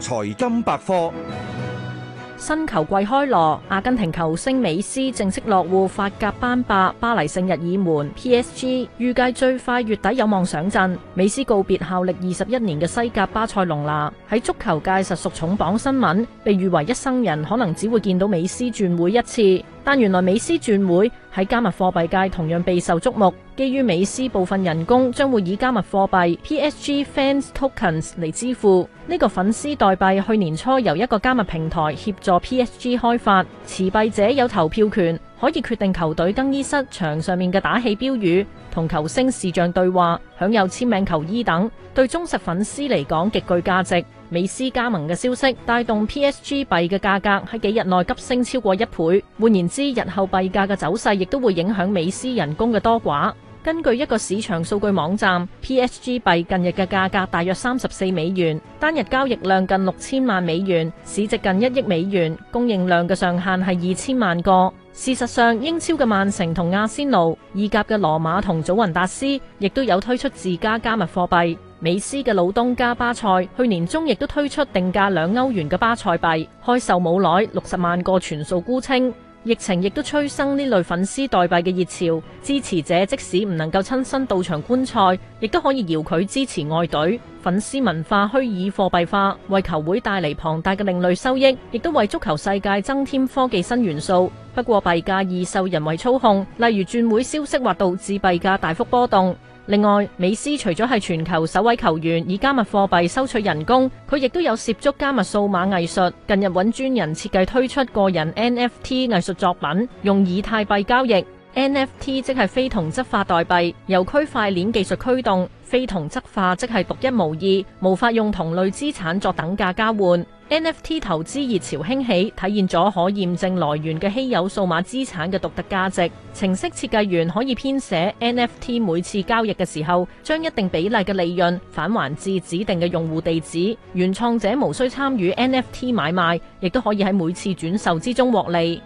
財金百科。新球季開鑼，阿根廷球星美斯正式落戶法甲班霸巴黎聖日耳門 （PSG），預計最快月底有望上陣。美斯告別效力二十一年嘅西甲巴塞隆拿，喺足球界實屬重磅新聞，被譽為一生人可能只會見到美斯轉會一次。但原來美斯轉會喺加密貨幣界同樣備受觸目，基於美斯部分人工將會以加密貨幣 PSG Fans Tokens 嚟支付。呢、這個粉絲代幣去年初由一個加密平台協助 PSG 開發，持幣者有投票權，可以決定球隊更衣室牆上面嘅打氣標語、同球星視像對話、享有簽名球衣等，對忠實粉絲嚟講極具價值。美斯加盟嘅消息，帶動 P S G 幣嘅價格喺幾日內急升超過一倍。換言之，日後幣價嘅走勢亦都會影響美斯人工嘅多寡。根據一個市場數據網站，P S G 幣近日嘅價格大約三十四美元，單日交易量近六千萬美元，市值近一億美元，供應量嘅上限係二千萬個。事實上，英超嘅曼城同阿仙奴，意甲嘅羅馬同祖雲達斯，亦都有推出自家加密貨幣。美斯嘅老東家巴塞去年中亦都推出定價兩歐元嘅巴塞幣，開售冇耐，六十萬個全數沽清。疫情亦都催生呢類粉絲代幣嘅熱潮，支持者即使唔能夠親身到場觀賽，亦都可以搖佢支持外隊。粉絲文化虛擬貨幣化為球會帶嚟龐大嘅另類收益，亦都為足球世界增添科技新元素。不過幣價易受人為操控，例如轉會消息或導致幣價大幅波動。另外，美斯除咗係全球首位球員以加密貨幣收取人工，佢亦都有涉足加密數碼藝術。近日搵專人設計推出個人 NFT 藝術作品，用以太幣交易。NFT 即係非同質化代幣，由區塊鏈技術驅動。非同質化即係獨一無二，無法用同類資產作等價交換。NFT 投資熱潮興起，體現咗可驗證來源嘅稀有數碼資產嘅獨特價值。程式設計員可以編寫 NFT 每次交易嘅時候，將一定比例嘅利潤返還至指定嘅用戶地址。原創者無需參與 NFT 買賣，亦都可以喺每次轉售之中獲利。